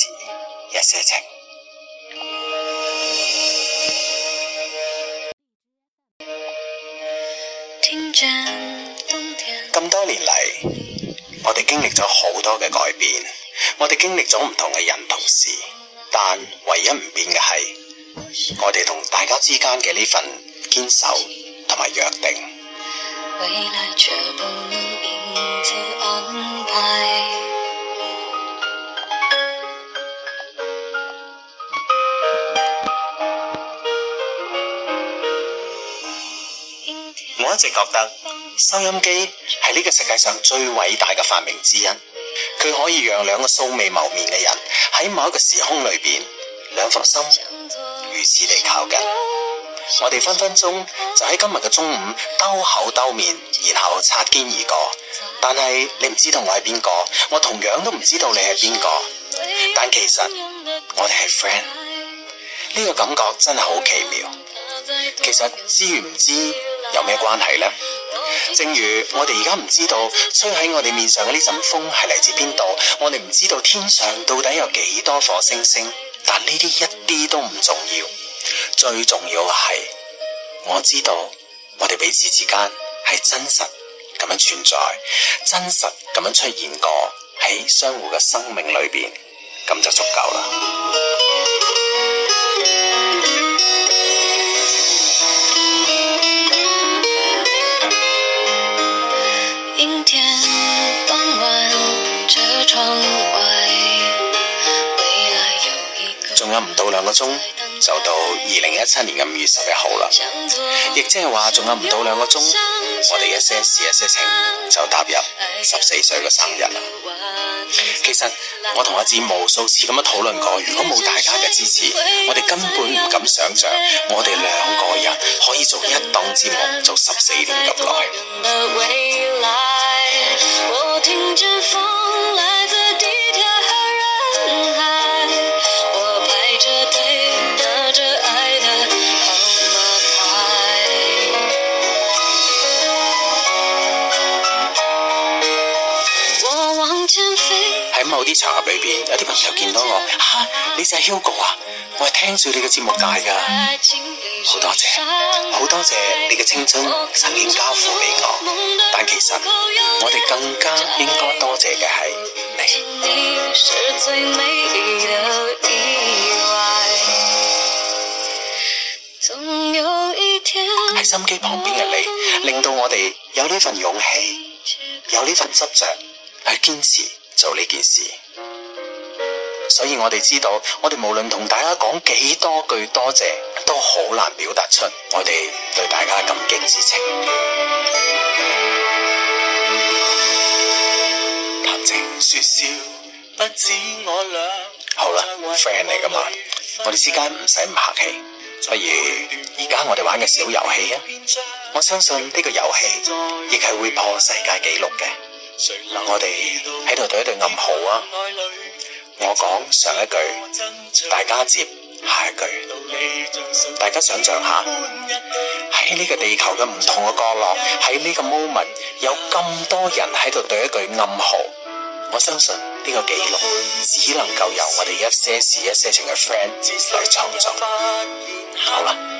一些情。天。咁多年嚟，我哋經歷咗好多嘅改變，我哋經歷咗唔同嘅人同事，但唯一唔變嘅係，我哋同大家之間嘅呢份堅守同埋約定。我一直覺得收音機係呢個世界上最偉大嘅發明之一，佢可以讓兩個素未謀面嘅人喺某一個時空裏邊，兩顆心如此地靠近。我哋分分鐘就喺今日嘅中午兜口兜面，然後擦肩而過。但係你唔知道我係邊個，我同樣都唔知道你係邊個。但其實我哋係 friend，呢個感覺真係好奇妙。其實知唔知？有咩關係呢？正如我哋而家唔知道吹喺我哋面上嘅呢陣風係嚟自邊度我哋唔知道天上到底有幾多顆星星，但呢啲一啲都唔重要。最重要嘅係，我知道我哋彼此之間係真實咁樣存在，真實咁樣出現過喺相互嘅生命裏邊，咁就足夠啦。仲有唔到兩個鐘，就到二零一七年嘅五月十一號啦。亦即係話，仲有唔到兩個鐘，嗯、我哋嘅一些事一些情就踏入十四歲嘅生日啦。其實我同阿志無數次咁樣討論過，如果冇大家嘅支持，我哋根本唔敢想象，我哋兩個人可以做一檔節目做十四年咁耐。嗯喺某啲場合裏面，有啲朋友見到我，啊，你就係 Hugo 啊！我係聽住你嘅節目大㗎，好多謝，好多謝你嘅青春曾經交付給我。但其實我哋更加應該多謝嘅係你。喺心機旁邊嘅你，令到我哋有呢份勇氣，有呢份執着去堅持。做呢件事，所以我哋知道，我哋無論同大家講幾多句多謝，都好難表達出我哋對大家感激之情。談、嗯、情說笑，不止我倆。好啦，friend 嚟噶嘛，我哋之間唔使咁客氣，不如而家我哋玩嘅小遊戲啊！我相信呢個遊戲亦係會破世界紀錄嘅。嗱，我哋喺度對一對暗號啊！我講上一句，大家接下一句。大家想象下，喺呢個地球嘅唔同嘅角落，喺呢個 moment 有咁多人喺度對一句暗號。我相信呢個紀錄只能夠由我哋一些事一些情嘅 friend 嚟創造。好啦。